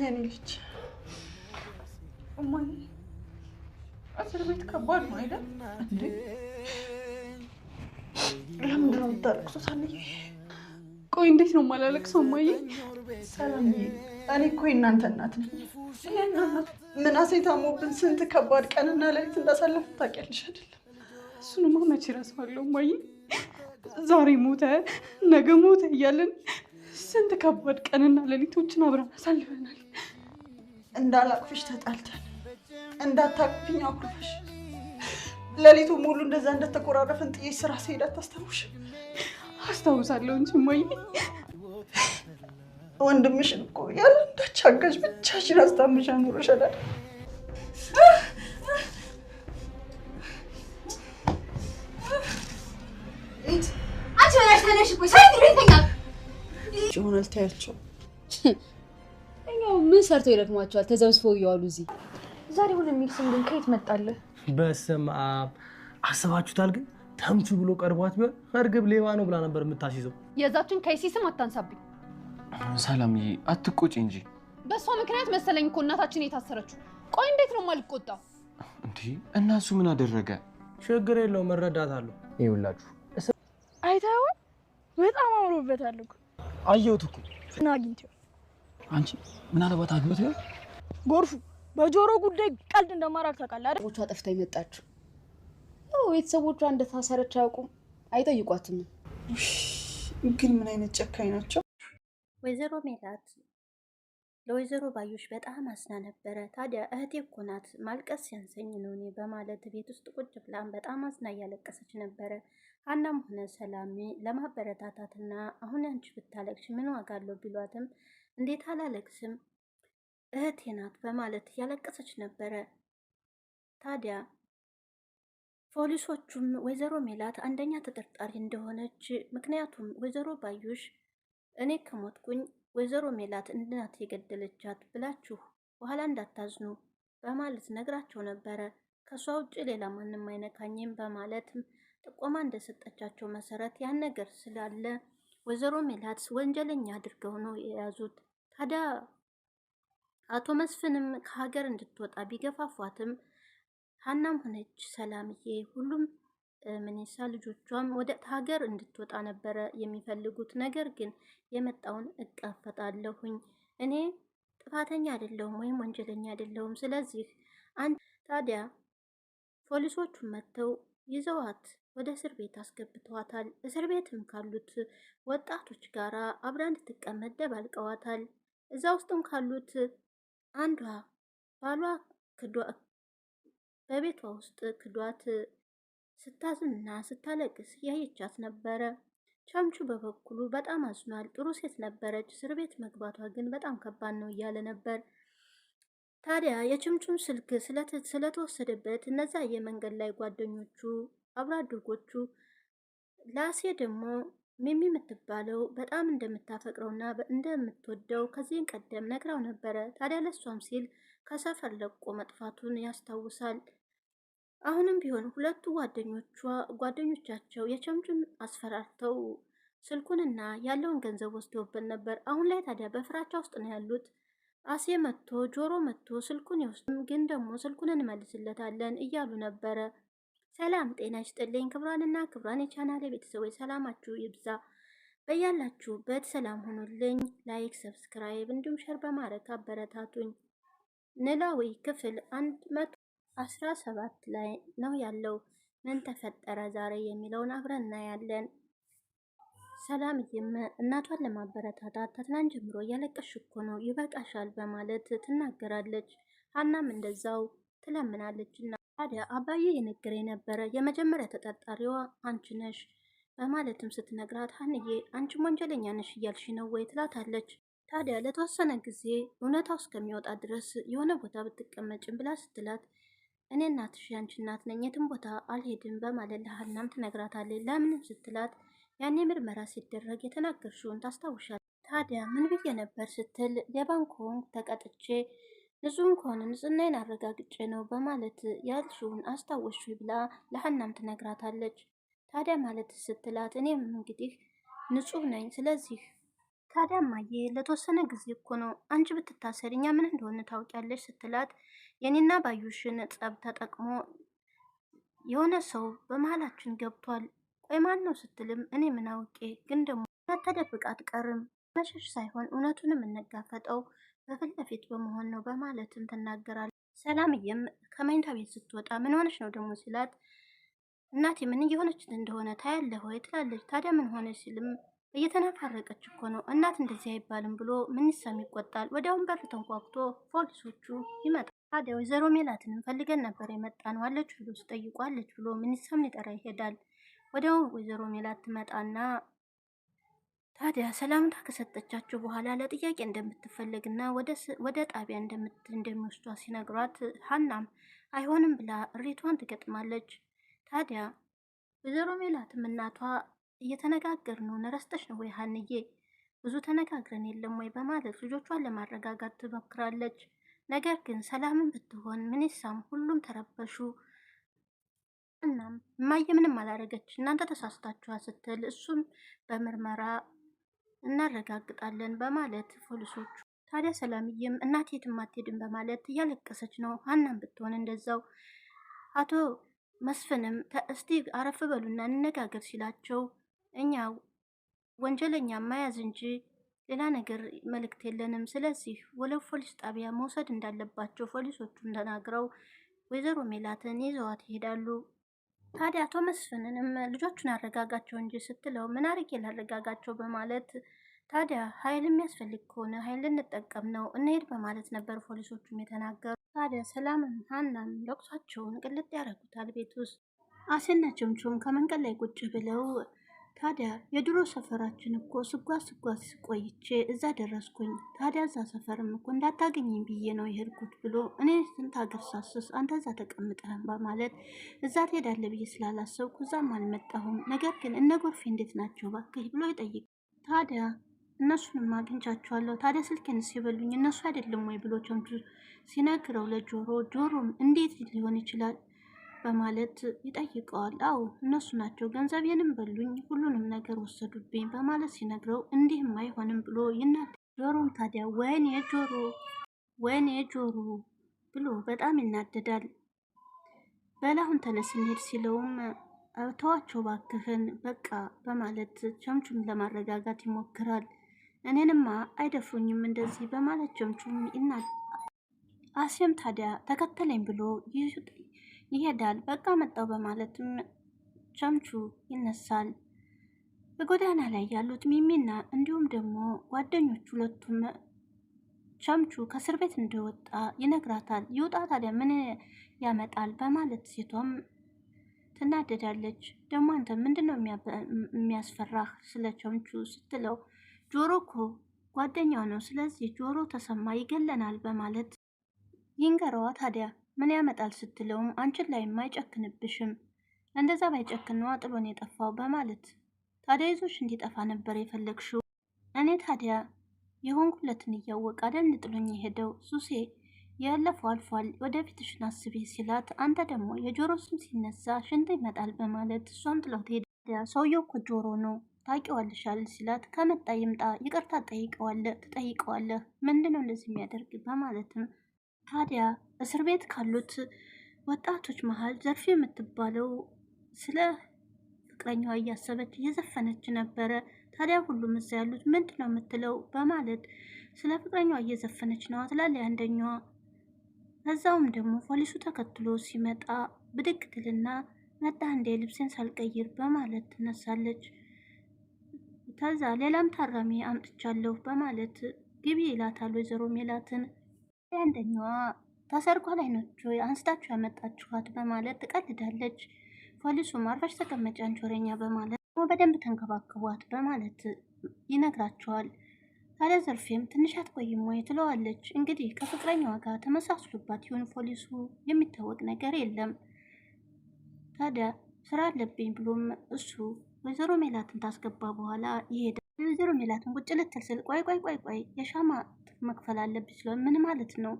የኔ ልጅ እማዬ እስር ቤት ከባድ ነው አይደል? እንዴ ለምንድን ነው የምታለቅሱት? አለኝ። ቆይ እንዴት ነው የማላለቅሰው? እማዬ ሰላም፣ እኔ እኮ የእናንተ እናት ነኝ። ምናሴ ታሞብን ስንት ከባድ ቀንና ሌሊት እንዳሳለፍ ታውቂያለሽ አይደለም? እሱንማ መቼ እረሳዋለሁ እማዬ። ዛሬ ሞተ ነገ ሞተ እያለን ስንት ከባድ ቀንና ሌሊቶችን አብረን አሳልፈናል። እንዳላቅፍሽ ተጣልተን እንዳታቅፍኝ አኩርፈሽ ለሊቱ ሙሉ እንደዛ እንደተቆራረፍን ጥዬሽ ስራ ስሄድ አታስታውሽ? አስታውሳለሁ እንጂ እማዬ፣ ወንድምሽን እኮ ያለ አንዳች አጋዥ ብቻሽን አስታምሻ ኑረሻል። ሆነ ልታያቸው ያው ምን ሰርቶ ይደክማቸዋል? ተዘብስበው እየዋሉ እዚህ ዛሬ ሁሉ የሚል ግን ከየት መጣለ? በስመ አብ አስባችሁታል? ግን ተምቹ ብሎ ቀርቧት ቢሆን እርግብ ሌባ ነው ብላ ነበር የምታስይዘው። የዛችን ከይሲ ስም አታንሳብኝ። ሰላምዬ አትቆጪ እንጂ በእሷ ምክንያት መሰለኝ እኮ እናታችን የታሰረችው። ቆይ እንዴት ነው የማልቆጣው? እንዲ እናሱ ምን አደረገ? ችግር የለው አለሁ። ይኸውላችሁ አይታየውን በጣም አምሮበታል እኮ አየሁት እኮ እና አግኝቼው አንቺ ምናልባት አግብቶ ጎርፉ በጆሮ ጉዳይ ቀልድ እንደማራክ ታውቃለህ አይደል? ቦቿ ጠፍታ የመጣችው ቤተሰቦቿ እንደታሰረች አያውቁም፣ አይጠይቋትም። ግን ምን አይነት ጨካኝ ናቸው። ወይዘሮ ሜላት ለወይዘሮ ባዩሽ በጣም አዝና ነበረ። ታዲያ እህቴ እኮ ናት ማልቀስ ሲያንሰኝ ነው እኔ በማለት ቤት ውስጥ ቁጭ ብላም በጣም አዝና እያለቀሰች ነበረ። ሀናም ሆነ ሰላሜ ለማበረታታትና አሁን አንቺ ብታለቅሽ ምን ዋጋ አለው ቢሏትም እንዴት አላለቅስም እህቴ ናት በማለት ያለቀሰች ነበረ። ታዲያ ፖሊሶቹም ወይዘሮ ሜላት አንደኛ ተጠርጣሪ እንደሆነች ምክንያቱም ወይዘሮ ባዩሽ እኔ ከሞትኩኝ ወይዘሮ ሜላት እንድናት የገደለቻት ብላችሁ በኋላ እንዳታዝኑ በማለት ነግራቸው ነበረ። ከእሷ ውጭ ሌላ ማንም አይነካኝም በማለት ጥቆማ እንደሰጠቻቸው መሰረት ያን ነገር ስላለ ወይዘሮ ሜላት ወንጀለኛ አድርገው ነው የያዙት። ታዲያ አቶ መስፍንም ከሀገር እንድትወጣ ቢገፋፏትም ሀናም ሆነች ሰላምዬ ሁሉም ምንሳ ልጆቿም ወደ ሀገር እንድትወጣ ነበረ የሚፈልጉት። ነገር ግን የመጣውን እቃፈጣለሁኝ እኔ ጥፋተኛ አይደለሁም ወይም ወንጀለኛ አይደለሁም። ስለዚህ አንድ ታዲያ ፖሊሶቹ መጥተው ይዘዋት ወደ እስር ቤት አስገብተዋታል። እስር ቤትም ካሉት ወጣቶች ጋር አብራ እንድትቀመጥ ደባልቀዋታል። እዛ ውስጥም ካሉት አንዷ ባሏ በቤቷ ውስጥ ክዷት ስታዝንና ስታለቅስ ያየቻት ነበረ። ቻምቹ በበኩሉ በጣም አዝኗል። ጥሩ ሴት ነበረች፣ እስር ቤት መግባቷ ግን በጣም ከባድ ነው እያለ ነበር። ታዲያ የችምቹን ስልክ ስለተወሰደበት እነዛ የመንገድ ላይ ጓደኞቹ አብሮ አድርጎቹ ላሴ ደግሞ ሚሚ የምትባለው በጣም እንደምታፈቅረውና እንደምትወደው ከዚህን ቀደም ነግራው ነበረ። ታዲያ ለሷም ሲል ከሰፈር ለቆ መጥፋቱን ያስታውሳል። አሁንም ቢሆን ሁለቱ ጓደኞቿ ጓደኞቻቸው የቸምቹን አስፈራርተው ስልኩንና ያለውን ገንዘብ ወስደውበት ነበር። አሁን ላይ ታዲያ በፍራቻ ውስጥ ነው ያሉት። አሴ መጥቶ ጆሮ መጥቶ ስልኩን ይወስድ፣ ግን ደግሞ ስልኩን እንመልስለታለን እያሉ ነበረ። ሰላም ጤና ይስጥልኝ። ክብሯንና ክብሯን የቻናል ቤተሰቦች ሰላማችሁ ይብዛ። በያላችሁበት ሰላም ሆኑልኝ። ላይክ፣ ሰብስክራይብ እንዲሁም ሸር በማድረግ አበረታቱኝ። ኖላዊ ክፍል አንድ መቶ አስራ ሰባት ላይ ነው ያለው። ምን ተፈጠረ ዛሬ የሚለውን አብረን እናያለን። ሰላምዬም እናቷን ለማበረታታት ከትናንት ጀምሮ እያለቀሽ እኮ ነው ይበቃሻል በማለት ትናገራለች። ሀናም እንደዛው ትለምናለች ታዲያ አባዬ የነገረ የነበረ የመጀመሪያ ተጠርጣሪዋ አንቺ ነሽ በማለትም ስትነግራት ሀንዬ አንቺም ወንጀለኛ ነሽ እያልሽ ነው ወይ ትላታለች። ታዲያ ለተወሰነ ጊዜ እውነታው እስከሚወጣ ድረስ የሆነ ቦታ ብትቀመጭም ብላ ስትላት እኔ እናትሽ ያንቺ እናት ነኝ የትም ቦታ አልሄድም በማለት ለሀናም ትነግራታለች። ለምንም ስትላት ያኔ ምርመራ ሲደረግ የተናገርሽውን ታስታውሻል። ታዲያ ምን ብዬ ነበር ስትል የባንኮን ተቀጥቼ ንጹህም ከሆነ ንጽህናዬን አረጋግጬ ነው በማለት ያልሽውን አስታወሹ ብላ ለሀናም ትነግራታለች። ታዲያ ማለት ስትላት እኔም እንግዲህ ንጹህ ነኝ ስለዚህ ታዲያ ማዬ ለተወሰነ ጊዜ እኮ ነው አንቺ ብትታሰሪ እኛ ምን እንደሆነ ታውቂያለሽ? ስትላት የኔና ባዩሽን ጸብ ተጠቅሞ የሆነ ሰው በመሀላችን ገብቷል። ቆይ ማን ነው ስትልም እኔ ምን አውቄ፣ ግን ደግሞ ተደብቃ አትቀርም። መሸሽ ሳይሆን እውነቱንም እንጋፈጠው በፊት ለፊት በመሆን ነው በማለትም ትናገራለች። ሰላምዬም ከመኝታ ቤት ስትወጣ ምን ሆነች ነው ደግሞ ሲላት እናቴ ምን እየሆነች እንደሆነ ታያለህ ወይ ትላለች። ታዲያ ምን ሆነች ሲልም እየተነፋረቀች እኮ ነው እናት እንደዚህ አይባልም ብሎ ምን ይሳም ይቆጣል። ወዲያውን በር ተንኳኩቶ ፖሊሶቹ ይመጣል። ታዲያ ወይዘሮ ሜላትንም ፈልገን ነበር የመጣ ነው አለች ብሎ ስጠይቋለች ብሎ ምን ይሳም ሊጠራ ይሄዳል። ወዲያው ወይዘሮ ሜላት ትመጣና ታዲያ ሰላምታ ከሰጠቻቸው በኋላ ለጥያቄ እንደምትፈለግና ወደ ጣቢያ እንደሚወስዷ ሲነግሯት ሀናም አይሆንም ብላ እሪቷን ትገጥማለች። ታዲያ ወይዘሮ ሜላትም እናቷ እየተነጋገር ነው ነረስተሽ ነው ወይ ሀንዬ ብዙ ተነጋግረን የለም ወይ በማለት ልጆቿን ለማረጋጋት ትሞክራለች። ነገር ግን ሰላምን ብትሆን ምንሳም ሁሉም ተረበሹ። እናም እማዬ ምንም አላረገች እናንተ ተሳስታችኋ ስትል እሱም በምርመራ እናረጋግጣለን በማለት ፖሊሶቹ ታዲያ ሰላምዬም እናቴ የትም አትሄድም በማለት እያለቀሰች ነው። ሀናም ብትሆን እንደዛው። አቶ መስፍንም እስቲ አረፍ በሉና እንነጋገር ሲላቸው እኛ ወንጀለኛ መያዝ እንጂ ሌላ ነገር መልእክት የለንም። ስለዚህ ወደ ፖሊስ ጣቢያ መውሰድ እንዳለባቸው ፖሊሶቹም ተናግረው ወይዘሮ ሜላትን ይዘዋት ይሄዳሉ። ታዲያ አቶ መስፍንንም ልጆቹን አረጋጋቸው እንጂ ስትለው ምን አርጌ ላረጋጋቸው በማለት ታዲያ ኃይል የሚያስፈልግ ከሆነ ኃይል ልንጠቀም ነው እንሄድ በማለት ነበር ፖሊሶቹም የተናገሩ። ታዲያ ሰላምም ሀናም ለቅሷቸውን ቅልጥ ያደረጉታል ቤት ውስጥ አሴና ችምቹም ከመንገድ ላይ ቁጭ ብለው ታዲያ የድሮ ሰፈራችን እኮ ስጓ ስጓ ቆይቼ እዛ ደረስኩኝ። ታዲያ እዛ ሰፈርም እኮ እንዳታገኝኝ ብዬ ነው የሄድኩት ብሎ እኔ ስንት ሀገር ሳስስ አንተ እዛ ተቀምጠህ በማለት እዛ ትሄዳለ ብዬ ስላላሰብኩ እዛም አልመጣሁም። ነገር ግን እነ ጎርፌ እንዴት ናቸው ባክህ ብሎ ይጠይቅ። ታዲያ እነሱንም አግኝቻቸዋለሁ። ታዲያ ስልኬን ሲበሉኝ እነሱ አይደለም ወይ ብሎ ቸምቹ ሲነግረው ለጆሮ ጆሮም እንዴት ሊሆን ይችላል በማለት ይጠይቀዋል። አዎ እነሱ ናቸው ገንዘቤንም በሉኝ፣ ሁሉንም ነገር ወሰዱብኝ በማለት ሲነግረው እንዲህም አይሆንም ብሎ ይናደ ጆሮም ታዲያ ወይኔ ጆሮ ወይኔ ጆሮ ብሎ በጣም ይናደዳል። በላሁን ተነስ እንሂድ ሲለውም ተዋቸው ባክህን በቃ በማለት ቸምቹም ለማረጋጋት ይሞክራል። እኔንማ አይደፍሩኝም እንደዚህ በማለት ቸምቹም ይና አሴም ታዲያ ተከተለኝ ብሎ ይሄዳል። በቃ መጣው በማለትም ቸምቹ ይነሳል። በጎዳና ላይ ያሉት ሚሚና እንዲሁም ደግሞ ጓደኞቹ ሁለቱም ቸምቹ ከእስር ቤት እንደወጣ ይነግራታል። ይውጣ ታዲያ ምን ያመጣል በማለት ሴቷም ትናደዳለች። ደግሞ አንተ ምንድን ነው የሚያስፈራህ ስለ ቸምቹ ስትለው ጆሮ እኮ ጓደኛው ነው፣ ስለዚህ ጆሮ ተሰማ ይገለናል በማለት ይንገረዋ ታዲያ ምን ያመጣል ስትለውም አንቺን ላይም አይጨክንብሽም እንደዛ ባይጨክን ነዋ ጥሎን የጠፋው በማለት ታዲያ ይዞሽ እንዲጠፋ ነበር የፈለግሽው። እኔ ታዲያ የሆንኩለትን እያወቅ አደል ጥሎኝ የሄደው ሱሴ ያለፈው አልፏል፣ ወደፊትሽን አስቤ ሲላት፣ አንተ ደግሞ የጆሮ ስም ሲነሳ ሽንት ይመጣል በማለት እሷም ጥለው ትሄድ። ሰውየው እኮ ጆሮ ነው ታቂዋልሻል ሲላት፣ ከመጣ ይምጣ ይቅርታ ትጠይቀዋለህ ምንድነው እንደዚህ የሚያደርግ በማለትም ታዲያ እስር ቤት ካሉት ወጣቶች መሀል ዘርፌ የምትባለው ስለ ፍቅረኛዋ እያሰበች እየዘፈነች ነበረ። ታዲያ ሁሉም እዛ ያሉት ምንድን ነው የምትለው በማለት ስለ ፍቅረኛዋ እየዘፈነች ነው ትላለች አንደኛዋ። ከዛውም ደግሞ ፖሊሱ ተከትሎ ሲመጣ ብድግ ትልና መጣ እንዴ ልብሴን ሳልቀይር በማለት ትነሳለች። ከዛ ሌላም ታራሚ አምጥቻለሁ በማለት ግቢ ይላታል ወይዘሮ ሜላትን። አንደኛዋ ታሰርኳ ላይ ናችሁ አንስታችሁ ያመጣችኋት በማለት ትቀልዳለች። ፖሊሱም አርፈሽ ተቀመጫ አንቺ ወሬኛ በማለት ደግሞ በደንብ ተንከባክቧት በማለት ይነግራቸዋል። ታዲያ ዘርፌም ትንሽ አትቆይም ወይ ትለዋለች። እንግዲህ ከፍቅረኛዋ ጋር ተመሳስሉባት ይሁን ፖሊሱ የሚታወቅ ነገር የለም። ታዲያ ስራ አለብኝ ብሎም እሱ ወይዘሮ ሜላትን ታስገባ በኋላ ይሄዳል። ወይዘሮ ሜላትን ቁጭ ልትል ስል ቆይ ቆይ ቆይ ቆይ የሻማ መክፈል አለብሽ ሲሏት ምን ማለት ነው?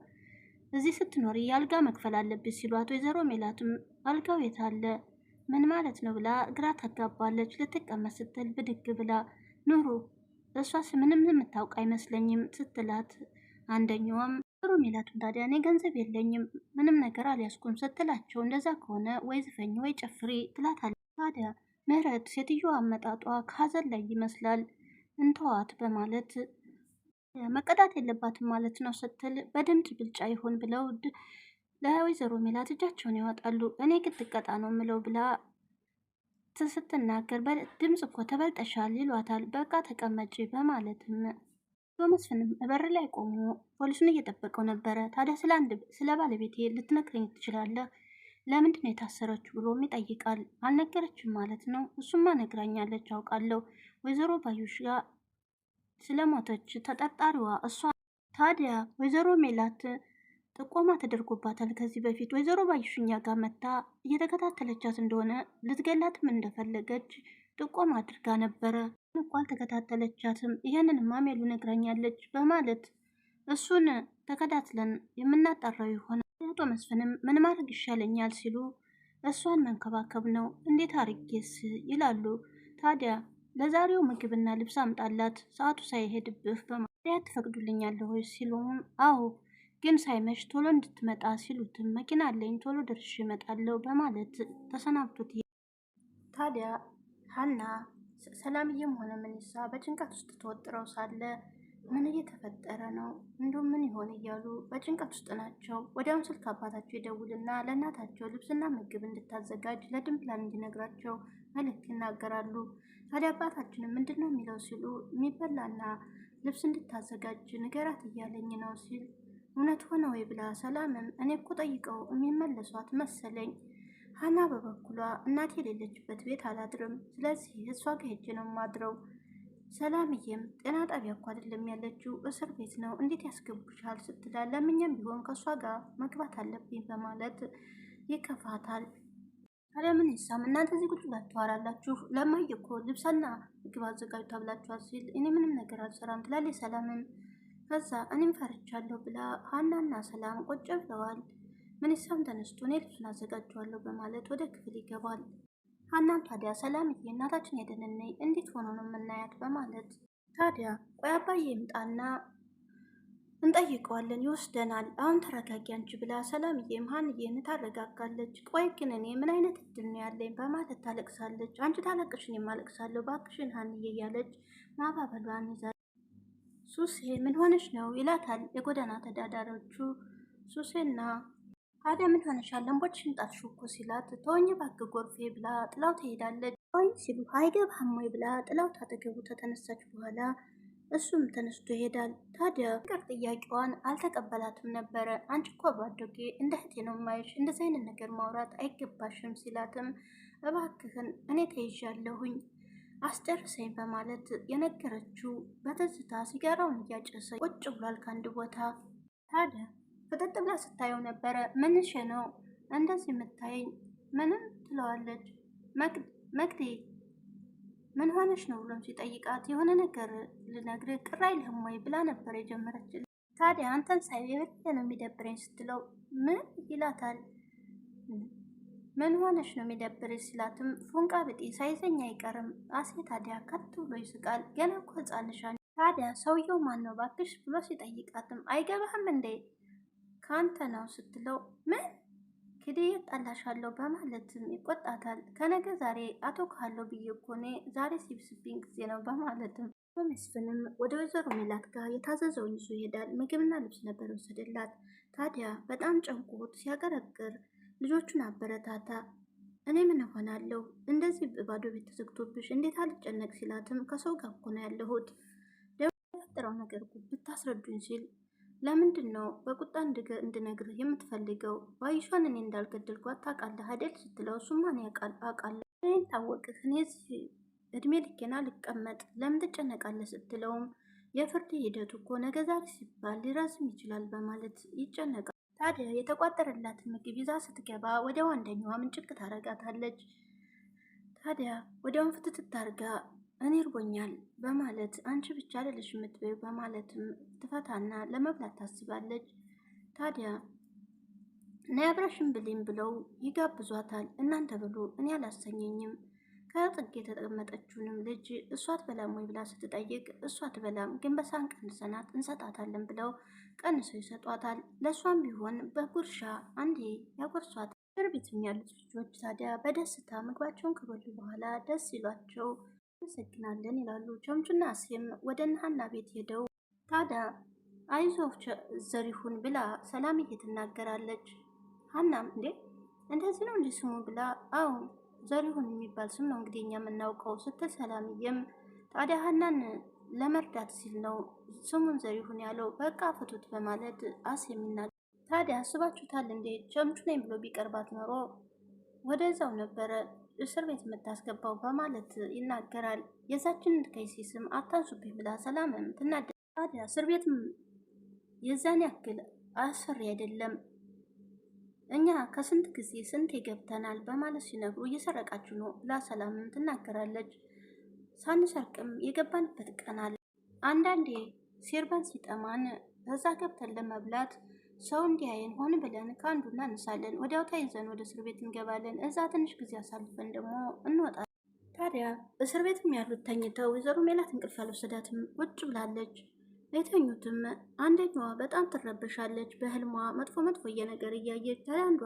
እዚህ ስትኖር የአልጋ መክፈል አለብሽ ሲሏት ወይዘሮ ሜላትም አልጋው የት አለ ምን ማለት ነው ብላ ግራ ታጋባለች። ልትቀመጥ ስትል ብድግ ብላ ኑሩ እሷስ ምንም የምታውቅ አይመስለኝም ስትላት፣ አንደኛዋም ጥሩ ሜላቱን ታዲያ እኔ ገንዘብ የለኝም ምንም ነገር አልያዝኩም ስትላቸው፣ እንደዛ ከሆነ ወይ ዝፈኝ ወይ ጨፍሪ ትላታለች። ታዲያ ምህረት ሴትዮዋ አመጣጧ ከሀዘን ላይ ይመስላል እንተዋት በማለት መቀጣት የለባትም ማለት ነው ስትል በድምፅ ብልጫ ይሆን ብለው ለወይዘሮ ሜላት እጃቸውን ያወጣሉ። እኔ ግን ትቀጣ ነው ምለው ብላ ስትናገር በድምፅ እኮ ተበልጠሻል ይሏታል። በቃ ተቀመጪ በማለትም በመስፍንም በር ላይ ቆሞ ፖሊሱን እየጠበቀው ነበረ። ታዲያ ስለ አንድ ስለ ባለቤቴ ልትነግረኝ ትችላለህ? ለምንድን ነው የታሰረችው ብሎም ይጠይቃል። አልነገረችም ማለት ነው። እሱማ ነግራኛለች አውቃለሁ። ወይዘሮ ባዩሽ ጋር ስለሞተች ተጠርጣሪዋ እሷ ታዲያ ወይዘሮ ሜላት ጥቆማ ተደርጎባታል። ከዚህ በፊት ወይዘሮ ባይሹኛ ጋር መታ እየተከታተለቻት እንደሆነ ልትገላትም እንደፈለገች ጥቆማ አድርጋ ነበረ። እኮ አልተከታተለቻትም፣ ይህንን ማሜሉ ነግራኛለች በማለት እሱን ተከታትለን የምናጣራው የሆነ ቶ መስፍንም ምን ማድረግ ይሻለኛል ሲሉ እሷን መንከባከብ ነው እንዴት አርጌስ ይላሉ ታዲያ ለዛሬው ምግብና ልብስ አምጣላት ሰዓቱ ሳይሄድብህ በማያ ትፈቅዱልኛለህ ወይ ሲሉም፣ አዎ ግን ሳይመሽ ቶሎ እንድትመጣ ሲሉትም፣ መኪና አለኝ ቶሎ ደርሼ እመጣለሁ በማለት ተሰናብቶት ታዲያ ሀና ሰላምዬም ሆነ ምንሳ በጭንቀት ውስጥ ተወጥረው ሳለ ምን እየተፈጠረ ነው? እንዲሁም ምን ይሆን እያሉ በጭንቀት ውስጥ ናቸው። ወዲያውኑ ስልክ አባታቸው ይደውልና ለእናታቸው ልብስና ምግብ እንድታዘጋጅ ለድንብላን እንዲነግራቸው መልእክት ይናገራሉ። ታዲያ አባታችንም ምንድን ነው የሚለው ሲሉ የሚበላና ልብስ እንድታዘጋጅ ንገራት እያለኝ ነው ሲል እውነት ሆነ ወይ ብላ ሰላምም እኔ እኮ ጠይቀው የሚመለሷት መሰለኝ። ሀና በበኩሏ እናቴ የሌለችበት ቤት አላድርም፣ ስለዚህ እሷ ጋር ሄጄ ነው ማድረው ሰላምዬም ጤና ጣቢያ እኮ አይደለም ያለችው እስር ቤት ነው እንዴት ያስገቡሻል? ስትላ ለምኛም ቢሆን ከእሷ ጋር መግባት አለብኝ በማለት ይከፋታል። ታዲያ ምን ይሳም እናንተ እዚህ ቁጭ ብላችሁ አላላችሁ ለማየ እኮ ልብሳና ምግብ አዘጋጅ ተብላችኋል ሲል እኔ ምንም ነገር አልሰራም ትላለች ሰላምም። ከዛ እኔም ፈርቻለሁ ብላ ሀናና ሰላም ቁጭ ብለዋል። ምንሳም ተነስቶ እኔ ልብሱን አዘጋጀዋለሁ በማለት ወደ ክፍል ይገባል። ሀናም ታዲያ ሰላምዬ እናታችን የደንነኝ እንዴት ሆኖ ነው የምናያት በማለት ታዲያ ቆይ አባዬ ይምጣና እንጠይቀዋለን ይወስደናል። አሁን ተረጋጊ አንቺ ብላ ሰላምዬም ሀንዬን ታረጋጋለች። ቆይ ግን እኔ ምን አይነት እድል ነው ያለኝ በማለት ታለቅሳለች። አንቺ ታለቅሽ እኔም አለቅሳለሁ ባክሽን ሀንዬ እያለች ማባበሏን ይዛል። ሱሴ ምን ሆነሽ ነው ይላታል የጎዳና ተዳዳሪዎቹ ሱሴና ታዲያ ምን ሆነሻል? ለምቦችሽን ጣልሽው እኮ ሲላት ተወኝ እባክህ ጎርፌ ብላ ጥላው ትሄዳለች። ወይ ሲሉ አይገባም ወይ ብላ ጥላው ታጠገቡ ተተነሳች። በኋላ እሱም ተነስቶ ይሄዳል። ታዲያ ፍቅር ጥያቄዋን አልተቀበላትም ነበረ። አንቺ እኮ ባዶጌ እንደ እህቴ ነው ማየሽ፣ እንደዚህ አይነት ነገር ማውራት አይገባሽም ሲላትም እባክህን እኔ ተይዣለሁኝ አስጨርሰኝ በማለት የነገረችው በትዝታ ሲጋራውን እያጨሰ ቁጭ ብሏል ከአንድ ቦታ ታዲያ ፍጥጥ ብላ ስታየው ነበረ። ምንሽ ነው እንደዚህ የምታየኝ? ምንም ትለዋለች። መግዴ ምን ሆነሽ ነው ብሎም ሲጠይቃት የሆነ ነገር ልነግር ቅር አይልህም ወይ ብላ ነበር የጀመረች። ታዲያ አንተን ሳይ የበለጠ ነው የሚደብረኝ ስትለው ምን ይላታል። ምን ሆነሽ ነው የሚደብርሽ ሲላትም ፎንቃ ብጤ ሳይዘኛ አይቀርም። አሴ ታዲያ ከት ብሎ ይስቃል። ገና እኮ ህፃንሻ። ታዲያ ሰውየው ማን ነው ባክሽ ብሎ ሲጠይቃትም አይገባህም እንዴ ከአንተ ነው ስትለው ምን ክድዬ እጣላሻለሁ በማለትም ይቆጣታል። ከነገ ዛሬ አቶ ካለው ብዬ እኮ እኔ ዛሬ ሲብስብኝ ጊዜ ነው በማለትም በመስፍንም ወደ ወይዘሮ ሜላት ጋር የታዘዘውን ይዞ ይሄዳል። ምግብና ልብስ ነበር ወሰደላት። ታዲያ በጣም ጨንቆት ሲያገረግር ልጆቹን አበረታታ። እኔ ምን እሆናለሁ እንደዚህ በባዶ ቤት ተዘግቶብሽ እንዴት አልጨነቅ ሲላትም ከሰው ጋር እኮ ነው ያለሁት፣ ደግሞ የተፈጠረው ነገር ብታስረዱኝ ሲል ለምንድን ነው በቁጣ እንድነግርህ የምትፈልገው? ባይሿን እኔ እንዳልገደልኳት ታውቃለህ አይደል? ስትለው እሱማን ያውቃል አውቃለሁ እኔን ታወቅህ እኔ እድሜ ልኬና ልቀመጥ ለምን ትጨነቃለህ? ስትለውም የፍርድ ሂደቱ እኮ ነገ ዛሬ ሲባል ሊረዝም ይችላል በማለት ይጨነቃል። ታዲያ የተቋጠረላትን ምግብ ይዛ ስትገባ ወዲያው አንደኛዋ ምንጭቅ ታረጋታለች። ታዲያ ወዲያውን ታርጋ እኔ እርቦኛል በማለት አንቺ ብቻ አይደለሽ የምትበይው በማለትም ትፈታና ለመብላት ታስባለች። ታዲያ ነይ አብረሽን ብሊም ብለው ይጋብዟታል። እናንተ ብሉ እኔ አላሰኘኝም። ከጥግ የተቀመጠችውንም ልጅ እሷ አትበላም ወይ ብላ ስትጠይቅ እሷ አትበላም ግን በሳህን ቀንሰናት እንሰጣታለን ብለው ቀንሰው ይሰጧታል። ለእሷም ቢሆን በጉርሻ አንዴ ያጎርሷታል። ቅርቢትም ያሉት ልጆች ታዲያ በደስታ ምግባቸውን ከበሉ በኋላ ደስ ይሏቸው አመሰግናለን ይላሉ። ቸምቹና አሴም ወደ ነሀና ቤት ሄደው ታዲያ አይዞህ ዘሪሁን ብላ ሰላምዬ ትናገራለች። ሀናም እንዴ እንደዚህ ነው እንጂ ስሙ ብላ አዎ ዘሪሁን የሚባል ስም ነው እንግዲህ እኛ የምናውቀው ስትል ሰላምዬም ታዲያ ሀናን ለመርዳት ሲል ነው ስሙን ዘሪሁን ያለው በቃ ፍቱት በማለት አሴም ይናገራል። ታዲያ አስባችሁታል እንዴ ቸምቹ ነኝ ብሎ ቢቀርባት ኖሮ ወደዛው ነበረ እስር ቤት የምታስገባው በማለት ይናገራል። የዛችን ከይሲ ስም አታንሱብኝ ብላ ሰላምም ትናደ ታዲያ እስር ቤትም የዛን ያክል አስፈሪ አይደለም፣ እኛ ከስንት ጊዜ ስንት ገብተናል በማለት ሲነግሩ እየሰረቃችሁ ነው ብላ ሰላምም ትናገራለች። ሳንሰርቅም የገባንበት ቀናል? አንዳንዴ ሴርበን ሲጠማን እዛ ገብተን ለመብላት ሰው እንዲያየን ሆን ብለን ከአንዱ እናነሳለን። ወዲያው ተይዘን ወደ እስር ቤት እንገባለን። እዛ ትንሽ ጊዜ አሳልፈን ደግሞ እንወጣለን። ታዲያ እስር ቤትም ያሉት ተኝተው፣ ወይዘሮ ሜላት እንቅልፍ ያልወሰዳትም ቁጭ ብላለች። የተኙትም አንደኛዋ በጣም ትረበሻለች በህልሟ መጥፎ መጥፎ እየነገር እያየች። ታዲያ አንዷ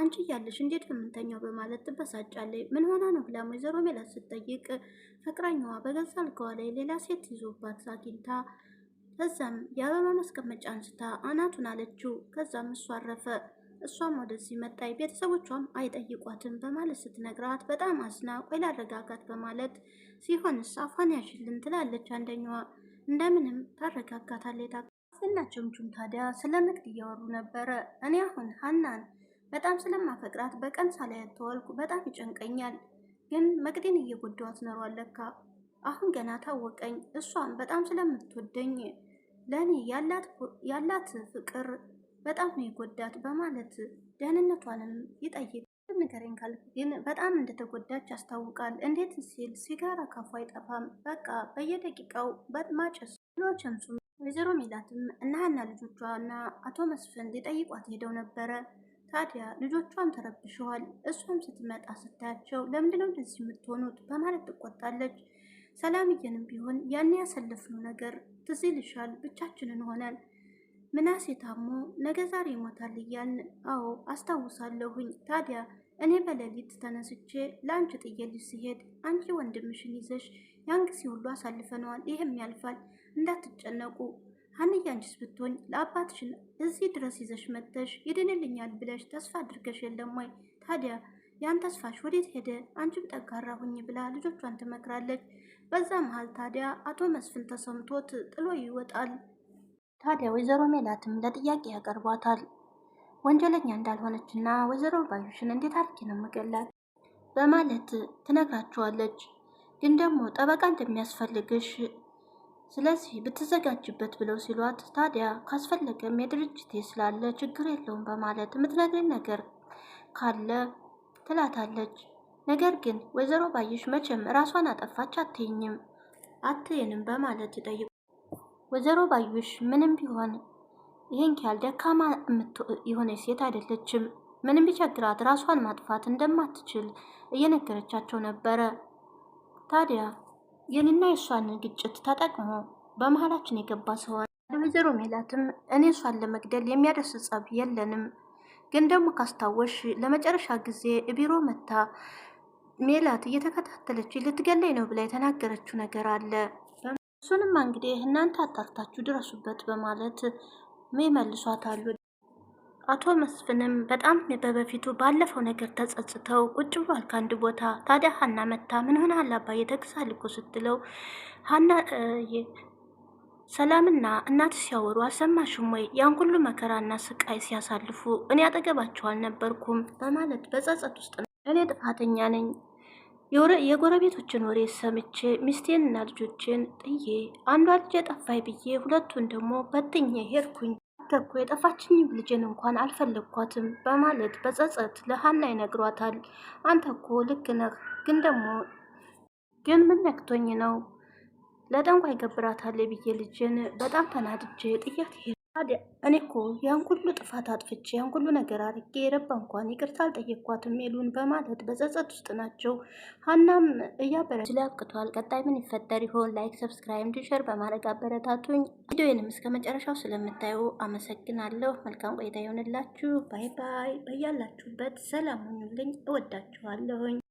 አንቺ እያለሽ እንዴት የምንተኛው በማለት ትበሳጫለች። ምን ሆና ነው ብላም ወይዘሮ ሜላት ስትጠይቅ፣ ፍቅረኛዋ በገዛ አልጋዋ ላይ ሌላ ሴት ይዞባት አግኝታ ከዛም የአበባ ማስቀመጫ አንስታ አናቱን አለችው። ከዛም እሱ አረፈ። እሷም ወደዚህ መጣይ ቤተሰቦቿም አይጠይቋትም በማለት ስትነግራት በጣም አዝና ቆይ ላረጋጋት በማለት ሲሆንስ አፏን ያሽልን ትላለች። አንደኛዋ እንደምንም ታረጋጋታለች። እና ችምቹም ታዲያ ስለ ምግድ እያወሩ ነበረ። እኔ አሁን ሀናን በጣም ስለማፈቅራት በቀን ሳላያት በጣም ይጨንቀኛል፣ ግን መቅዴን እየጎዳዋት ኖሯል ለካ አሁን ገና ታወቀኝ። እሷን በጣም ስለምትወደኝ ለእኔ ያላት ፍቅር በጣም ነው የጎዳት በማለት ደህንነቷንም ይጠይቅ ንገረኝ ካል ግን በጣም እንደተጎዳች ያስታውቃል። እንዴት ሲል ሲጋራ ካፏ አይጠፋም። በቃ በየደቂቃው በማጨስ ሎቸንሱ ወይዘሮ ሚላትም እና ልጆቿ እና አቶ መስፍን ሊጠይቋት ሄደው ነበረ። ታዲያ ልጆቿም ተረብሸዋል። እሷም ስትመጣ ስታያቸው ለምንድነው እንደዚህ የምትሆኑት በማለት ትቆጣለች። ሰላምዬንም ቢሆን ያን ያሰለፍነው ነገር ትዝ ይልሻል? ብቻችንን ሆነን ምናሴ ታሞ ነገ ዛሬ ይሞታል እያልን አዎ አስታውሳለሁኝ። ታዲያ እኔ በሌሊት ተነስቼ ለአንቺ ጥዬልሽ ሲሄድ አንቺ ወንድምሽን ይዘሽ ያን ጊዜ ሁሉ አሳልፈነዋል። ይህም ያልፋል፣ እንዳትጨነቁ ሀንዬ አንቺስ ብትሆኝ ለአባትሽን እዚህ ድረስ ይዘሽ መጥተሽ ይድንልኛል ብለሽ ተስፋ አድርገሽ የለም ወይ? ታዲያ ያን ተስፋሽ ወዴት ሄደ? አንቺም ጠንካራ ሁኝ ብላ ልጆቿን ትመክራለች። በዛ መሀል ታዲያ አቶ መስፍን ተሰምቶት ጥሎ ይወጣል። ታዲያ ወይዘሮ ሜላትም ለጥያቄ ያቀርቧታል። ወንጀለኛ እንዳልሆነችና ወይዘሮ ባዩሽን እንዴት አድርጌ ነው የምገላት በማለት ትነግራቸዋለች። ግን ደግሞ ጠበቃ እንደሚያስፈልግሽ ስለዚህ ብትዘጋጅበት ብለው ሲሏት ታዲያ ካስፈለገም የድርጅቴ ስላለ ችግር የለውም በማለት የምትነግሪኝ ነገር ካለ ትላታለች። ነገር ግን ወይዘሮ ባየሽ መቼም ራሷን አጠፋች አትይኝም አትይንም በማለት ይጠይቁ። ወይዘሮ ባየሽ ምንም ቢሆን ይህን ያህል ደካማ የሆነች ሴት አይደለችም፣ ምንም ቢቸግራት ራሷን ማጥፋት እንደማትችል እየነገረቻቸው ነበረ። ታዲያ የኔና የእሷን ግጭት ተጠቅሞ በመሀላችን የገባ ሰሆን ወይዘሮ ሜላትም እኔ እሷን ለመግደል የሚያደርስ ጸብ የለንም ግን ደግሞ ካስታወሽ ለመጨረሻ ጊዜ ቢሮ መታ ሜላት እየተከታተለች ልትገለኝ ነው ብላ የተናገረችው ነገር አለ። እሱንም እንግዲህ እናንተ አጣርታችሁ ድረሱበት በማለት ይመልሷታሉ። አቶ መስፍንም በጣም በበፊቱ ባለፈው ነገር ተጸጽተው ቁጭ ብሏል ከአንድ ቦታ። ታዲያ ሀና መታ ምን ሆነ አላባዬ ተግሳል እኮ ስትለው ሀና ሰላምና እናት ሲያወሩ አልሰማሽም ወይ? ያን ሁሉ መከራና ስቃይ ሲያሳልፉ እኔ አጠገባቸው አልነበርኩም በማለት በጸጸት ውስጥ ነው። እኔ ጥፋተኛ ነኝ። የጎረቤቶችን ወሬ ሰምቼ ሚስቴንና ልጆችን ጥዬ አንዷ ልጅ ጠፋይ ብዬ ሁለቱን ደግሞ በትኜ ሄድኩኝ። ተኩ የጠፋችኝ ልጅን እንኳን አልፈለግኳትም በማለት በጸጸት ለሀና ይነግሯታል። አንተ እኮ ልክ ነህ፣ ግን ደግሞ ግን ምን ነክቶኝ ነው ለጠንቋይ ገብራታል ብዬ ልጅን በጣም ተናድጄ ጥያት ታዲያ እኔ እኮ ያን ሁሉ ጥፋት አጥፍቼ ያን ሁሉ ነገር አድርጌ የረባ እንኳን ይቅርታ አልጠየኳትም ሜሉን በማለት በጸጸት ውስጥ ናቸው። ሀናም እያበረ ስለ አብቅቷል። ቀጣይ ምን ይፈጠር ይሆን? ላይክ፣ ሰብስክራይብ፣ እንዲሸር በማድረግ አበረታቱኝ። ቪዲዮዬንም እስከ መጨረሻው ስለምታዩ አመሰግናለሁ። መልካም ቆይታ ይሆንላችሁ። ባይ ባይ። በያላችሁበት ሰላም ሁኑልኝ። እወዳችኋለሁኝ።